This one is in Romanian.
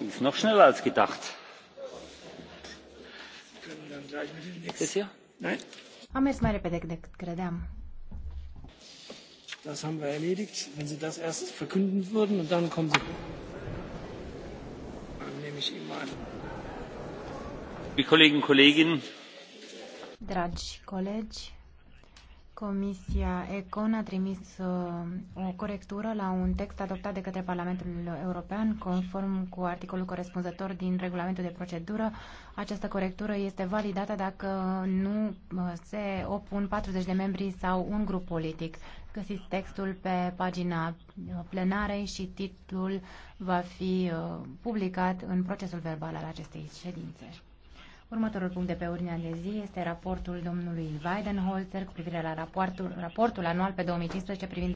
Die ist noch schneller als gedacht. Am mers mai repede decât credeam. Das haben wir erledigt. Wenn Sie das erst verkünden würden und dann kommen Sie. Dann nehme ich immer an. Die Kolleginnen und Kollegen. Dragi colegi, Comisia Econ a trimis uh, o corectură la un text adoptat de către Parlamentul European conform cu articolul corespunzător din regulamentul de procedură. Această corectură este validată dacă nu uh, se opun 40 de membri sau un grup politic. Găsiți textul pe pagina uh, plenarei și titlul va fi publicat în procesul verbal al acestei ședințe. Următorul punct de pe ordinea de zi este raportul domnului Weidenholzer cu privire la raportul, raportul anual pe 2015 privind